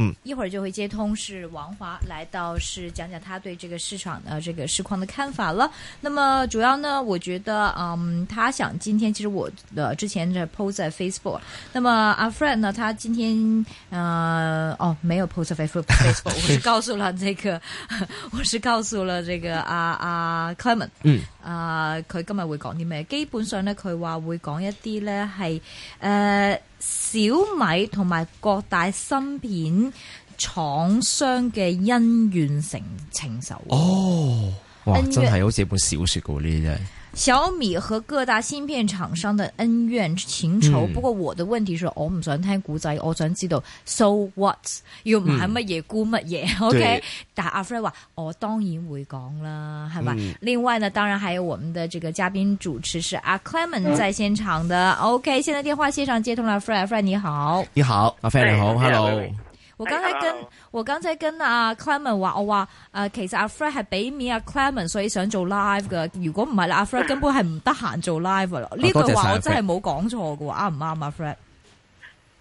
嗯，一會兒就會接通，是王華來到，是講講他對這個市場的這個市況的看法了。那麼主要呢，我覺得嗯，他想今天其實我的之前在 post 在 Facebook，那麼阿、啊、friend 呢，他今天呃，哦，沒有 post 在 Facebook，Facebook 我是告訴了這個，我是告訴了這個啊啊 Clement，嗯，啊，佢今日會講啲咩？基本上呢，佢話會講一啲呢係誒。小米同埋各大芯片廠商嘅恩怨成情仇哦！哇，真係好似一本小說噶呢啲真係。小米和各大芯片廠商的恩怨情仇。嗯、不過我的問題是，我唔想聽古仔，我想知道 so what，又唔係乜嘢估乜嘢。OK，對但阿 Fred 話，我、哦、當然會講啦，係嘛？嗯、另外呢，當然還有我們的這個嘉賓主持是阿 Clement 在現場的。嗯、OK，現在電話線上接通了，阿 Fred，阿 Fred 你好。你好，阿 Fred 你好。臉紅，Hello。我剛才跟 hey, 我剛才跟阿 Clement 話，我話誒、呃，其實阿 Fred 係俾面阿 Clement，所以想做 live 噶。如果唔係阿 Fred 根本係唔得閒做 live 咯。呢句、yeah. 話我真係冇講錯噶，啱唔啱啊？Fred？誒、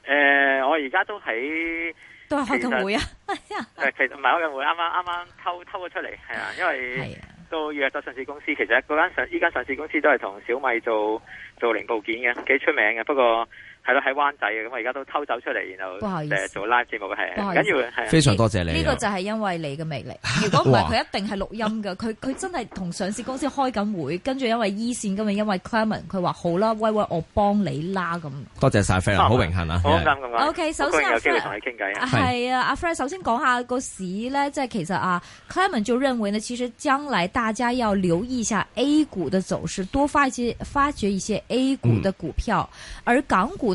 呃，我而家都喺都係開緊會啊。其實唔係開緊會，啱啱啱啱偷偷咗出嚟，係啊。因為、yeah. 都約咗上市公司，其實嗰間上依間上市公司都係同小米做做零部件嘅，幾出名嘅。不過。係咯，喺灣仔嘅，咁我而家都偷走出嚟，然後誒做 live 節目嘅，係，緊要，非常多謝你。呢個就係因為你嘅魅力，如果唔係佢一定係錄音嘅，佢佢真係同上市公司開緊會，跟住因為 E 綫咁樣，因為 Clement 佢話好啦，喂喂，我幫你拉咁。多謝晒 Fred，好榮幸啊，好感恩咁啊。OK，首先阿 Fred，係啊，阿 Fred，首先講下個市咧，即係其實啊 Clement 就認為呢，其實將來大家要留意一下 A 股嘅走勢，多發一些發掘一些 A 股嘅股票，而港股。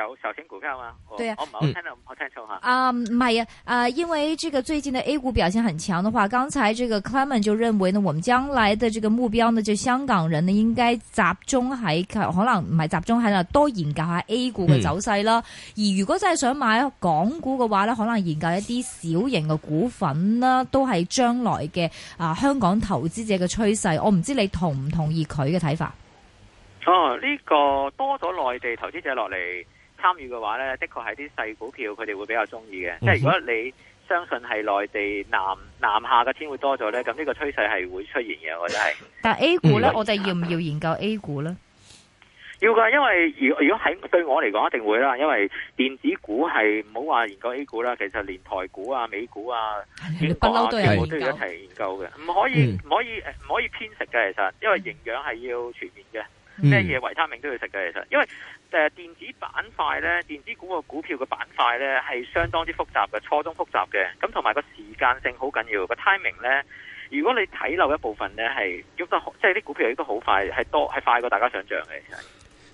有小型股票啊？對啊，我睇到，嗯、我聽錯吓。Um, 啊，唔係啊，因為這個最近嘅 A 股表現很強的話，剛才這個 Clement 就認為呢，我們將來的這個目標呢，就是、香港人呢應該集中喺，可能唔係集中喺度，多研究下 A 股嘅走勢啦。嗯、而如果真係想買港股嘅話咧，可能研究一啲小型嘅股份啦，都係將來嘅啊香港投資者嘅趨勢。我唔知你同唔同意佢嘅睇法？哦、呢、這個多咗內地投資者落嚟。參與嘅話呢，的確係啲細股票，佢哋會比較中意嘅。即係、嗯、如果你相信係內地南南下嘅天會多咗呢，咁呢個趨勢係會出現嘅，我覺得係。但 A 股呢，嗯、我哋要唔要研究 A 股呢？嗯、要㗎，因為如果如果喺對我嚟講一定會啦，因為電子股係唔好話研究 A 股啦，其實連台股啊、美股啊，不嬲、啊、都係都要一齊研究嘅。唔可以唔、嗯、可以唔可，可以偏食嘅，其實因為營養係要全面嘅，咩嘢、嗯、維他命都要食嘅，其實因為。誒，電子板塊咧，電子股個股票嘅板塊咧，係相當之複雜嘅，錯綜複雜嘅。咁同埋個時間性好緊要，個 timing 咧。如果你睇漏一部分咧，係咁都即係啲股票又都好快，係多係快過大家想象嘅。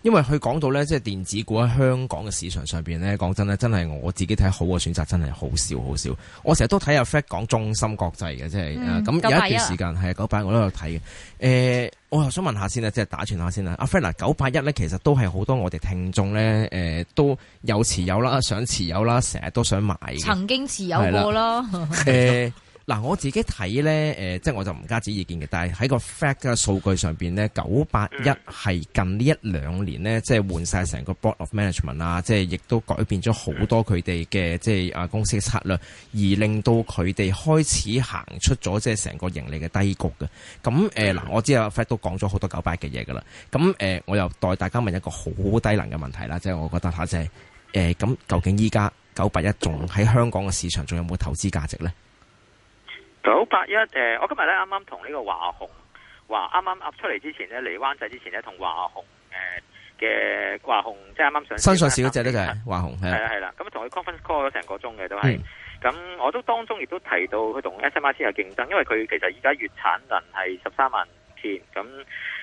因為佢講到咧，即係電子股喺香港嘅市場上邊咧，講真咧，真係我自己睇好嘅選擇真的，真係好少好少。我成日都睇阿 Fred 講中芯國際嘅，即係誒咁有一段時間係九百，是九百我都有睇嘅。誒、欸。我又想問下先啦，即係打串下先啦。阿 Fred 九八一咧，其實都係好多我哋聽眾咧，誒都有持有啦，想持有啦，成日都想買嘅。曾經持有過咯了。誒。 uh 嗱，我自己睇呢，即、呃、係、就是、我就唔加指意見嘅。但係喺個 fact 嘅數據上面呢，呢九八一係近呢一兩年呢，即、就、係、是、換曬成個 board of management 啊，即係亦都改變咗好多佢哋嘅，即、就、係、是、啊公司嘅策略，而令到佢哋開始行出咗，即係成個盈利嘅低谷嘅。咁誒嗱，我知阿、啊啊、fact 都講咗好多九八一嘅嘢噶啦。咁、啊、我又代大家問一個好低能嘅問題啦，即、就、係、是、我覺得下即係咁究竟依家九八一仲喺香港嘅市場仲有冇投資價值呢？九八一誒，我今日咧啱啱同呢剛剛個華虹話，啱啱 up 出嚟之前咧，嚟灣仔之前咧，同華虹誒嘅華虹，即係啱啱上新上市嗰隻咧就係華虹，係啦，係啦，咁同佢、嗯、conference call 咗成個鐘嘅都係，咁、嗯、我都當中亦都提到佢同 SMIC 係競爭，因為佢其實而家月產能係十三萬片咁。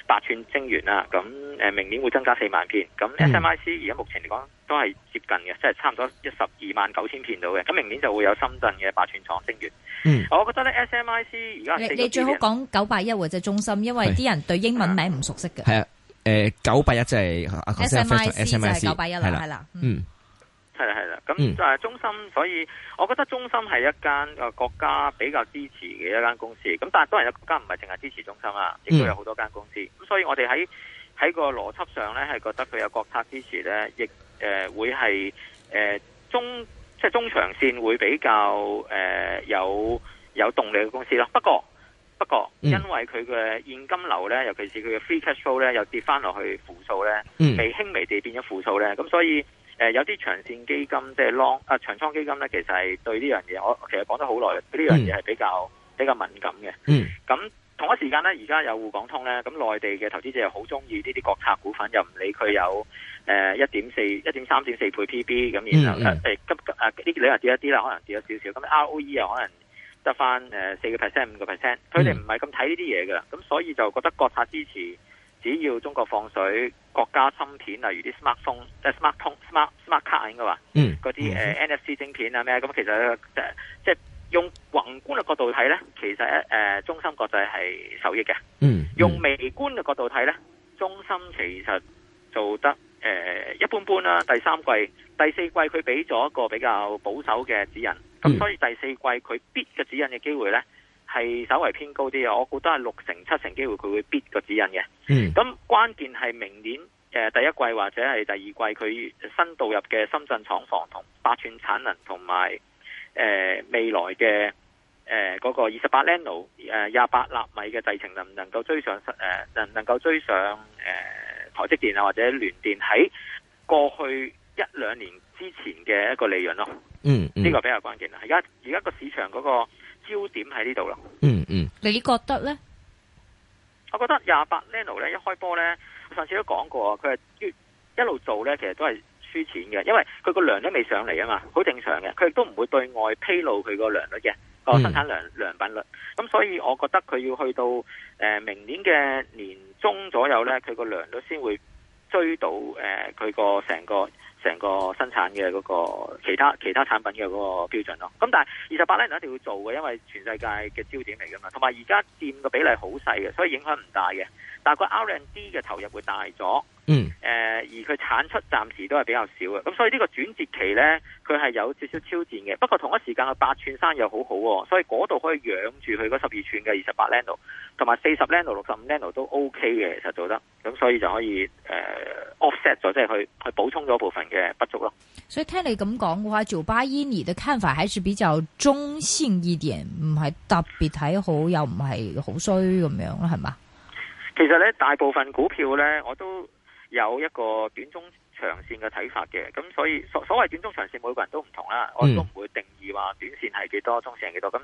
八寸晶圓啦，咁誒，明年會增加四萬片。咁 SMIC 而家目前嚟講都係接近嘅，即係差唔多一十二萬九千片到嘅。咁明年就會有深圳嘅八寸廠晶圓。嗯，我覺得咧 SMIC 而家你你最好講九八一或者中心，因為啲人對英文名唔熟悉嘅。係啊，誒、啊，九八一就係 SMIC 係九八一啦，係啦，嗯。係啦，係啦，咁就係中芯，所以我覺得中芯係一間誒國家比較支持嘅一間公司。咁但係當然，有國家唔係淨係支持中芯啊，亦都有好多間公司。咁所以我哋喺喺個邏輯上咧，係覺得佢有國策支持咧，亦誒、呃、會係誒、呃、中即係、就是、中長線會比較誒、呃、有有動力嘅公司啦不過不過，不過嗯、因為佢嘅現金流咧，尤其是佢嘅 free cash flow 咧，又跌翻落去負數咧，微輕微地變咗負數咧，咁所以。誒、呃，有啲長線基金即係 long 啊，長倉基金咧，其實係對呢樣嘢，我其實講咗好耐。呢樣嘢係比較比較敏感嘅。嗯。咁同一時間咧，而家有滬港通咧，咁內地嘅投資者又好中意呢啲國策股份，又唔理佢有誒一點四、一點三、點四倍 P B 咁，然後誒急急啊呢幾日跌一啲啦，可能跌咗少少，咁 R O E 又可能得翻誒四個 percent、五個 percent，佢哋唔係咁睇呢啲嘢噶，咁所以就覺得國策支持。只要中國放水，國家芯片例如啲 smartphone、即 smart smart smart card 應該話，嗯，嗰啲誒 NFC 晶片啊咩咁，其實誒、呃、即即係用宏觀嘅角度睇咧，其實誒、呃、中心國際中芯國際係受益嘅，嗯。嗯，用微觀嘅角度睇咧，中芯其實做得誒、呃、一般般啦，啊。第三季、第四季佢俾咗一個比較保守嘅指引，咁、嗯、所以第四季佢必嘅指引嘅機會咧，係稍微偏高啲啊。我估得係六成七成機會佢會 beat 個指引嘅。嗯，咁關鍵係明年誒、呃、第一季或者係第二季佢新導入嘅深圳廠房同八寸產能和，同埋誒未來嘅誒嗰個二十八 nano 誒廿八納米嘅製程能唔能夠追上誒、呃、能能夠追上誒、呃、台積電啊或者聯電喺過去一兩年之前嘅一個利潤咯，嗯。嗯，呢個比較關鍵啦。而家而家個市場嗰、那個。焦點喺呢度咯，嗯嗯，你覺得呢？我覺得廿八 nano 咧一開波呢，我上次都講過，佢係一路做呢，其實都係輸錢嘅，因為佢個量都未上嚟啊嘛，好正常嘅，佢亦都唔會對外披露佢個良率嘅個生產良良品率，咁、嗯、所以我覺得佢要去到誒明年嘅年中左右呢，佢個良率先會追到誒佢個成個。成個生產嘅嗰個其他其他產品嘅嗰個標準咯，咁但係二十八咧，你一定要做嘅，因為全世界嘅焦點嚟㗎嘛，同埋而家佔嘅比例好細嘅，所以影響唔大嘅。但個 R&D 嘅投入會大咗，嗯，誒，而佢產出暫時都係比較少嘅，咁所以呢個轉折期咧，佢係有少少挑戰嘅。不過同一時間，佢八寸山又好好，哦，喎，所以嗰度可以養住佢嗰十二寸嘅二十八呎同埋四十 l，度，六十五呎都 OK 嘅，其實做得咁，所以就可以誒 offset 咗，呃，off set，即係去去補充咗部分嘅不足咯。所以聽你咁講嘅話，九八一，你嘅看法還是比較中性一點，唔係特別睇好，又唔係好衰咁樣係嘛？其實咧，大部分股票咧，我都有一個短中長線嘅睇法嘅。咁所以所所謂短中長線，每個人都唔同啦。我都唔會定義話短線係幾多，中線係幾多。咁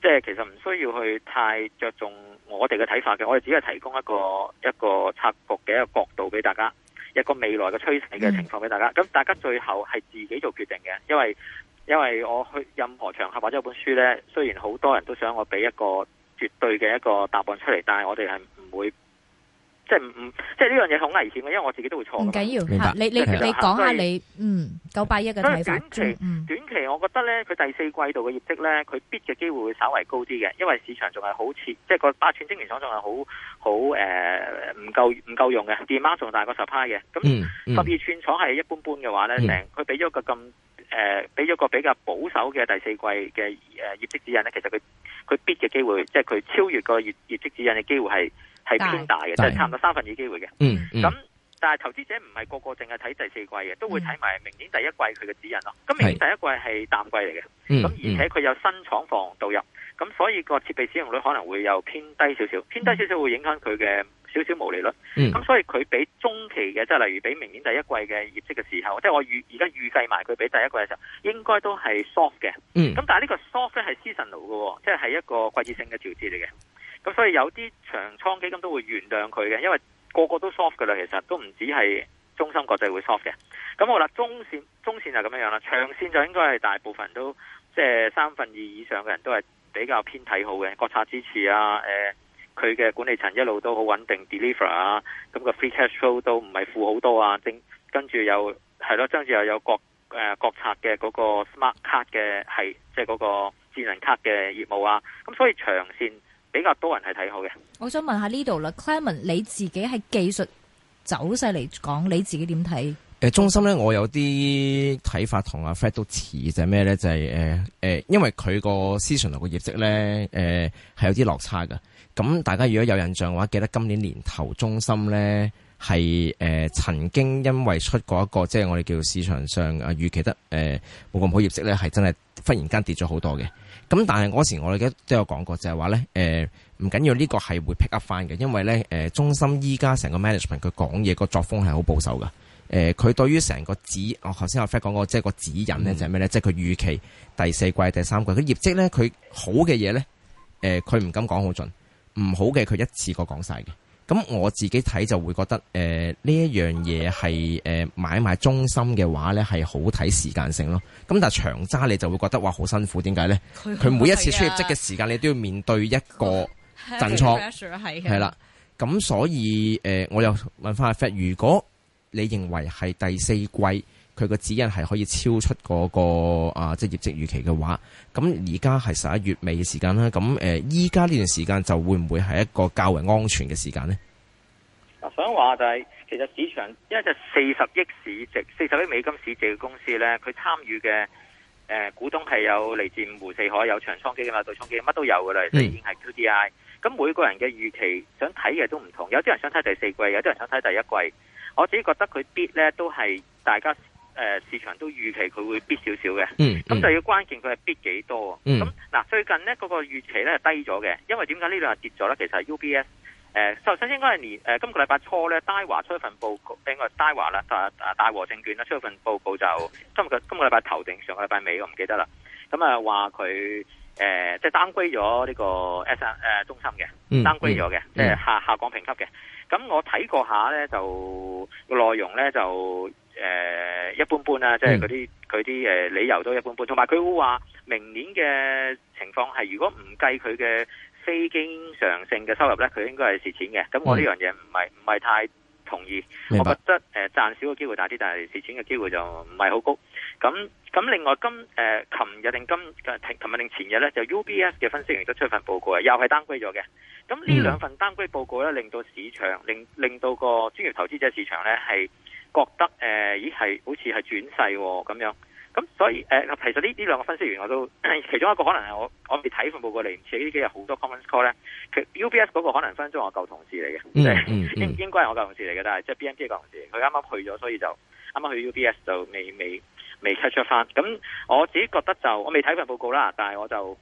即係其實唔需要去太着重我哋嘅睇法嘅。我哋只係提供一個一個拆局嘅一個角度俾大家，一個未來嘅趨勢嘅情況俾大家。咁大家最後係自己做決定嘅，因為因為我去任何場合或者有本書咧，雖然好多人都想我俾一個絕對嘅一個答案出嚟，但係我哋係。不會即係唔唔即係呢樣嘢好危險嘅，因為我自己都會錯。唔緊要，其實其實你你你講下你嗯九八一嘅睇法，短期，嗯、短期我覺得咧，佢第四季度嘅業績咧，佢必嘅機會會稍微高啲嘅，因為市場仲係好似，即係個八寸晶圓廠仲係好好誒，唔夠唔夠用嘅，電馬仲大過十派嘅，咁十二寸廠係一般般嘅話咧，成佢俾咗個咁。誒，俾咗、呃、個比較保守嘅第四季嘅誒、呃、業績指引咧，其實佢佢必嘅機會，即係佢超越個業業績指引嘅機會係係偏大嘅，即係但差唔多三分二機會嘅、嗯。嗯，咁但係投資者唔係個個淨係睇第四季嘅，都會睇埋明年第一季佢嘅指引咯。咁、嗯、明年第一季係淡季嚟嘅，咁、嗯、而且佢有新廠房導入，咁所以個設備使用率可能會有偏低少少，偏低少少會影響佢嘅。少少毛利率，咁所以佢比中期嘅，即係例如比明年第一季嘅業績嘅時候，即係我預而家預計埋佢比第一季嘅時候，應該都係 soft 嘅。咁、嗯、但係呢個 soft 係 seasonal 嘅，即係一個季節性嘅調節嚟嘅。咁所以有啲長倉基金都會原諒佢嘅，因為個個都 soft 嘅啦。其實都唔止係中芯國際會 soft 嘅。咁好啦，中線中線就咁樣樣啦，長線就應該係大部分都即係三分二以上嘅人都係比較偏睇好嘅國策支持啊，誒、欸。佢嘅管理層一路都好穩定，deliver 啊，咁、er，個 free cash flow 都唔係負好多啊，正跟住又係咯，跟住又有國誒國策嘅嗰個 smart 卡嘅係即係嗰個智能卡嘅業務啊，咁所以長線比較多人係睇好嘅。我想問下呢度啦，Clement 你自己係技術走勢嚟講，你自己點睇？誒中心咧，我有啲睇法同阿 Fred 都似，就係咩咧？就係誒誒，因為佢個 seasonal 嘅業績咧，誒、呃、係有啲落差嘅。咁大家如果有印象嘅話，我記得今年年頭中芯呢係誒曾經因為出過一個即係我哋叫做市場上預期得誒冇咁好業績呢係真係忽然間跌咗好多嘅。咁但係嗰時我哋而家都有講過，就係話呢，誒唔緊要，呢個係會 pick up 翻嘅。因為呢，誒、呃、中芯依家成個 management 佢講嘢個作風係好保守噶。誒、呃、佢對於成個指、哦、我頭先阿 Fred 講過即係、就是、個指引呢，就係咩呢？即係佢預期第四季、第三季佢業績呢，佢好嘅嘢呢，誒佢唔敢講好盡。唔好嘅佢一次過講晒嘅，咁我自己睇就會覺得，誒、呃、呢一樣嘢係誒買賣中心嘅話呢係好睇時間性咯。咁但係長揸你就會覺得哇好辛苦，點解呢？佢每一次出業績嘅時間，你都要面對一個震挫。係啦、啊，咁所以誒、呃，我又問翻阿 Fred，如果你認為係第四季。佢個指引係可以超出嗰個啊，即係業績預期嘅話，咁而家係十一月尾嘅時間啦。咁誒，依家呢段時間就會唔會係一個較為安全嘅時間呢？嗱，想話就係其實市場因為就四十億市值、四十億美金市值嘅公司呢，佢參與嘅誒股東係有嚟自五湖四海，有長倉基嘅嘛，對沖基乜都有嘅啦。已經係 QDI，咁每個人嘅預期想睇嘅都唔同，有啲人想睇第四季，有啲人想睇第一季。我自己覺得佢必呢都係大家。誒、呃、市場都預期佢會跌少少嘅，咁、嗯嗯、就要關鍵佢係跌幾多啊？咁嗱、嗯，最近呢、嗰個個預期呢係低咗嘅，因為點解呢兩日係跌咗呢？其實係 UBS、呃、首先應該係年、呃、今個禮拜初咧，大華出一份報告，應該大和啦，大大和證券啦，出咗份報告就今個禮拜頭定上個禮拜尾，我唔記得啦。咁啊話佢即係 downgrade 咗呢個 S A 誒、呃、中心嘅、嗯嗯、downgrade 咗嘅，即係、嗯、下，下降評級嘅。咁我睇過下呢，就內容呢就。誒、呃，一般般啦，即係嗰啲佢啲誒理由都一般般，同埋佢會話明年嘅情況係如果唔計佢嘅非經常性嘅收入呢，佢應該係蝕錢嘅。咁我呢樣嘢唔係唔係太同意，白我覺得誒賺、呃、少嘅機會大啲，但係蝕錢嘅機會就唔係好高。咁咁另外今誒琴、呃、日定今琴日定前日呢，就 UBS 嘅分析員都出一份報告，又係單歸咗嘅。咁呢兩份單歸報告呢，令到市場、嗯、令令到個專業投資者市場呢，係，覺得誒、呃，咦係好似係轉勢喎、哦。咁樣，咁所以誒、呃，其實呢呢兩個分析員我都，其中一個可能係我我未睇份報告嚟，唔切呢幾日好多 conference call 咧，其 UBS 嗰個可能分分鐘我舊同事嚟嘅，應係應該係我舊同事嚟嘅、mm, mm, mm.，但係即係 BMT 嘅舊同事，佢啱啱去咗，所以就啱啱去 UBS 就未未未 catch 翻，咁我自己覺得就我未睇份報告啦，但係我就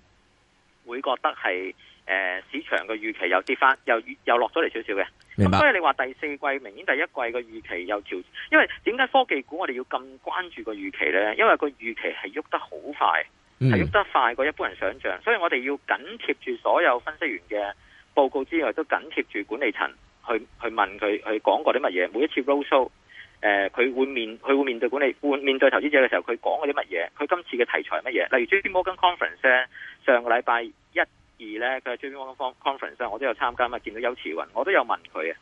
會覺得係。誒、呃，市場嘅預期又跌翻，又又落咗嚟少少嘅。明白。咁所以你話第四季、明年第一季嘅預期又調，因為點解科技股我哋要咁關注預呢個預期咧？因為個預期係喐得好快，係喐得快過一般人想象。嗯、所以我哋要緊貼住所有分析員嘅報告之外，都緊貼住管理層去去問佢去講過啲乜嘢。每一次 roadshow 誒、呃、佢會面佢會面對管理，面對投資者嘅時候佢講過啲乜嘢？佢今次嘅題材乜嘢？例如 JP Morgan Conference 咧，上個禮拜一。二咧，佢最邊方 conference 我都有參加啊嘛，見到邱慈雲，我都有問佢啊。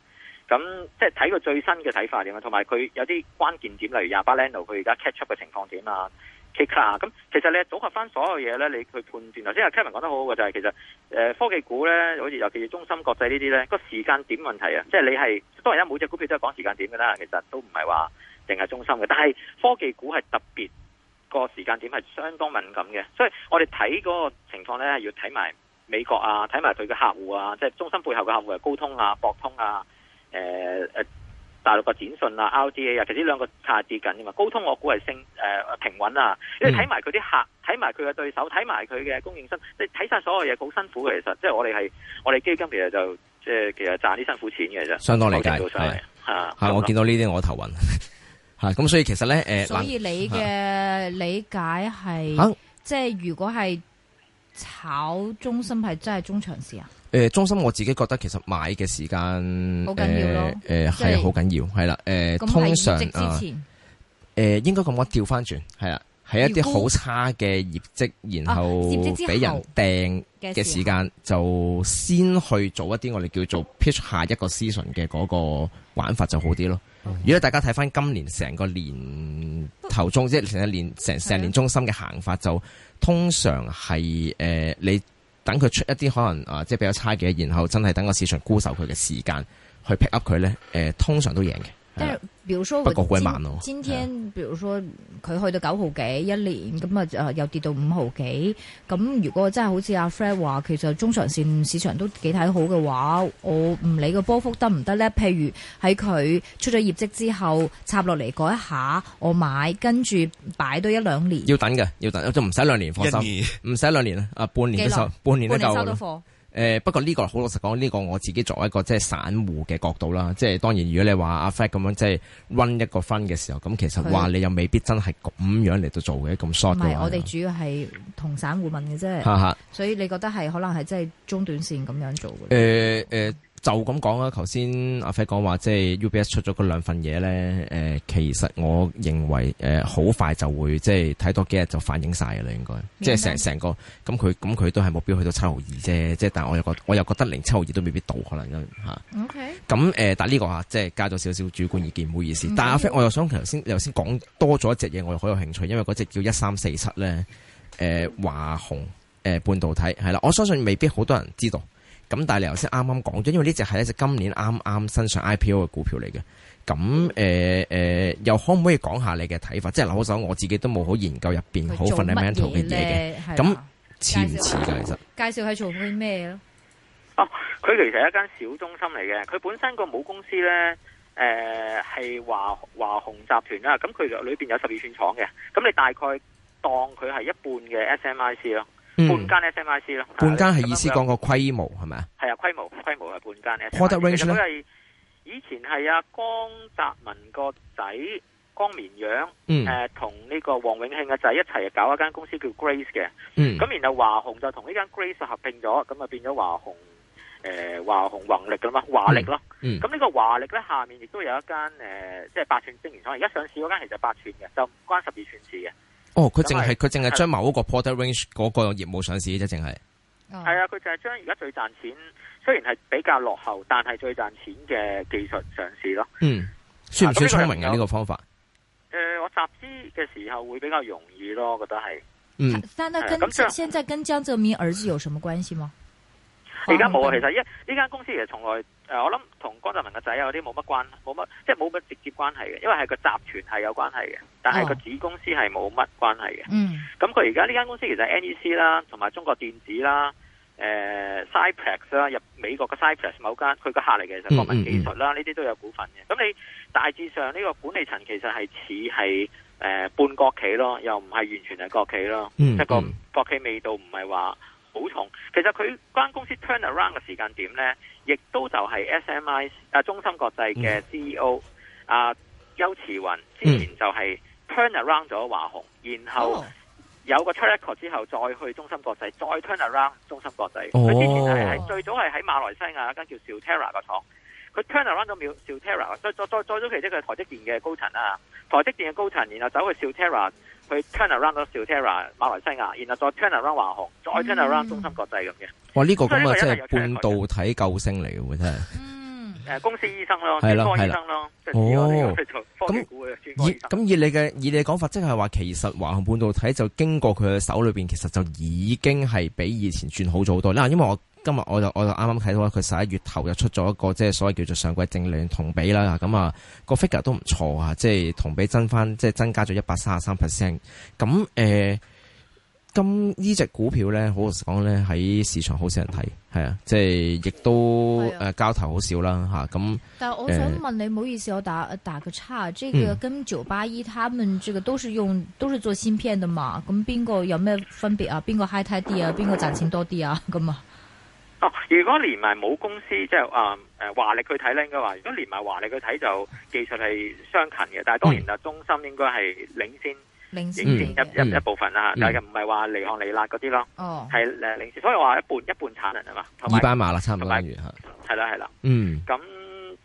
咁即係睇佢最新嘅睇法點啊？同埋佢有啲關鍵點，例如亞巴 l a 佢而家 catch up 嘅情況點啊，kick 啊。咁其實你組合翻所有嘢咧，你去判斷。頭先阿 Kevin 講得好好嘅就係、是、其實誒、呃、科技股咧，好似尤其中心國際呢啲咧，個時間點問題啊，即、就、係、是、你係當然啦，每隻股票都係講時間點㗎啦。其實都唔係話淨係中心嘅，但係科技股係特別、個時間點係相當敏感嘅，所以我哋睇嗰個情況咧，要睇埋。美國啊，睇埋佢嘅客戶啊，即係中心背後嘅客戶係、啊、高通啊、博通啊、誒、呃、誒大陸嘅展訊啊、R D A 啊，其實呢兩個係跌緊噶嘛。高通我估係升誒平穩啊，你睇埋佢啲客，睇埋佢嘅對手，睇埋佢嘅供應商，你睇晒所有嘢好辛苦嘅。其實即係我哋係我哋基金其實就即係、呃、其實賺啲辛苦錢嘅啫。相當理解係係我見到呢啲我頭暈。吓咁，所以其實咧誒，所以你嘅理解係、啊、即係如果係。炒中心係真係中長線啊？誒，中心我自己覺得其實買嘅時間好緊要誒係好緊要係啦，誒通常之前誒、呃、應該咁講，調翻轉係啦，係一啲好差嘅業績，然後俾人訂嘅時間就先去做一啲我哋叫做 pitch 下一個 season 嘅嗰個玩法就好啲咯。嗯、如果大家睇翻今年成個年頭中，即係成一年成成年中心嘅行法就。通常係誒、呃、你等佢出一啲可能啊、呃，即係比較差嘅，然後真係等個市場沽售佢嘅時間去 pick up 佢咧，誒、呃、通常都贏嘅。但係，比如說，今今天，比如說佢去到九毫幾一年，咁啊，誒，又跌到五毫幾，咁如果真係好似阿 Fred 話，其實中長線市場都幾睇好嘅話，我唔理個波幅得唔得咧？譬如喺佢出咗業績之後插落嚟嗰一下，我買跟住擺多一兩年要等嘅。要等嘅，要等，就唔使兩年，放心，唔使兩年啊，半年都收，半年就收到貨。.誒、呃、不過呢、呢個好老實講，呢、呢個我自己作為一個即係散戶嘅角度啦，即係當然如果你話阿 Fred 咁樣即係 run 一個分嘅時候，咁其實話的你又未必真係咁樣嚟到做嘅，咁 short 唔係我哋主要係同散戶問嘅啫。哈哈，所以你覺得係可能係即係中短線咁樣做嘅。就咁講啊！頭先阿飛講話，即係 UBS 出咗嗰兩份嘢咧、呃。其實我認為誒，好、呃、快就會即係睇多幾日就反映晒嘅啦。應該即係成成個咁佢咁佢都係目標去到七毫二啫。即係但我又覺我又覺得零七毫二都未必到，可能咁嚇、啊 Okay. 呃。但呢、呢個啊，即係加咗少少主觀意見，唔好意思。嗯、但阿飛，我又想頭先頭先講多咗一隻嘢，我又好有興趣，因為嗰隻叫一三四七咧，誒、呃、華虹、呃、半導體係啦。我相信未必好多人知道。咁但係你頭先啱啱講咗，因為呢只係一隻今年啱啱新上 IPO 嘅股票嚟嘅。咁誒誒，又可唔可以講下你嘅睇法？即係嗱，手我自己都冇好研究入面好 fundamental 嘅嘢嘅。咁似唔似㗎？其實介紹佢做啲咩咯？哦、啊，佢其實係一間小中心嚟嘅。佢本身個母公司咧，誒、呃、係華華虹集團啦。咁佢裏面有十二寸廠嘅。咁你大概當佢係一半嘅 SMIC 咯。半間 S M I C 咯，半間係意思講個規模係咪吧啊？係啊，規模規模係半間咧。Product range 係以前係阿江澤民個仔江綿羊，誒同呢個王永慶嘅仔一齊搞一間公司叫 Grace 嘅。咁、嗯、然後華虹就同呢間 Grace 合併咗，咁啊變咗華虹誒華虹宏力噶嘛，華力咯。咁、嗯、呢個華力咧下面亦都有一間誒、呃、即係八寸晶圓廠，而家上市嗰間其實是八寸嘅，就唔關十二寸事嘅。哦，佢淨係佢淨係將某一個 product range 嗰個業務上市啫，淨係的。係啊、哦，佢就係將而家最賺錢，雖然係比較落後，但係最賺錢嘅技術上市咯。嗯，算唔算聰明嘅呢個方法？誒、呃，我集資嘅時候會比較容易咯，我覺得係。嗯，但係跟現在跟江澤民兒子有什麼關係嗎？而家冇啊，其實呢呢間公司其實從來我諗同江澤民個仔有啲冇乜關，冇乜即係冇乜直接關係嘅，因為係個集團係有關係嘅，但係個子公司係冇乜關係嘅。嗯，咁佢而家呢間公司其實 N E C 啦，同埋中國電子啦，誒、呃、Cypress 啦，入美國個 Cypress 某間佢個客嚟嘅，其實國民技術啦，呢啲、嗯嗯、都有股份嘅。咁你大致上呢個管理層其實係似係、呃、半國企咯，又唔係完全係國企咯，一、嗯、個國企味道唔係話好重。其實佢間公司 turn around 嘅時間點呢，亦都就係 SMI 啊，中芯國際嘅 CEO 啊邱慈雲之前就係 turn around 咗華虹，mm. 然後有個 track 之後，再去中芯國際再 turn around 中芯國際。佢、oh. 之前係最早係喺馬來西亞一間叫 SilTerra 嘅廠，佢 turn around 咗 SilTerra，再再再早其實佢台積電嘅高層啦，台積電嘅高層，然後走去 SilTerra。去 turn around 到兆 terra 馬來西亞，然後再 turn around 華虹，再 turn around 中芯國際咁嘅。哇、嗯，呢樣個咁啊，即係半導體救星嚟嘅喎，真係。嗯，誒公司醫生咯，轉科醫生咯，係主要咧去做科技股嘅轉科醫生。咁以你嘅以你講法，即係話其實華虹半導體就經過佢嘅手裏邊，其實就已經係比以前轉好咗好多啦。因為我。今日我就我就啱啱睇到佢十一月頭又出咗一個，即係所謂叫做上季淨量同比啦。咁啊、個 figure 都唔錯啊，即係同比增翻，即係增加咗一百三十三 percent。咁、啊、誒，今、啊、呢、啊啊、隻股票咧，好老實講咧，喺市場好少人睇，係啊，即係亦都誒、啊啊、交投好少啦吓。咁、啊啊、但係我想問你，唔、嗯、好意思，我打打個叉，這個跟九八一，他們這個都是用都是做芯片的嘛？咁邊個有咩分別啊？邊個 high tide 啲啊？邊個賺錢多啲啊？咁啊？哦，如果連埋母公司，即係話誒華力去睇咧，應該話如果連埋華力去睇就技術係相近嘅，但係當然啦，嗯、中芯應該係領先領先一、嗯、一部分啦，但係唔係話離岸利辣嗰啲咯。哦，係誒領先，所以話一半一半產能係嘛，同埋馬啦差唔多完，係啦係啦，嗯。咁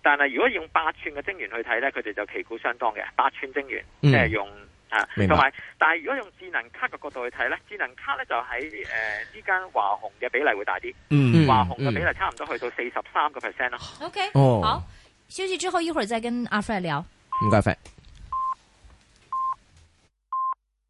但係如果用八寸嘅晶圓去睇咧，佢哋就旗鼓相當嘅，八寸晶圓，嗯、即係用。啊，同埋，但係如果用智能卡嘅角度去睇咧，智能卡咧就喺誒呢間華虹嘅比例會大啲，嗯、華虹嘅比例差唔多去到四十三個 percent 咯。OK，好，休息之後一會再跟阿 Fred 聊。唔該 Fred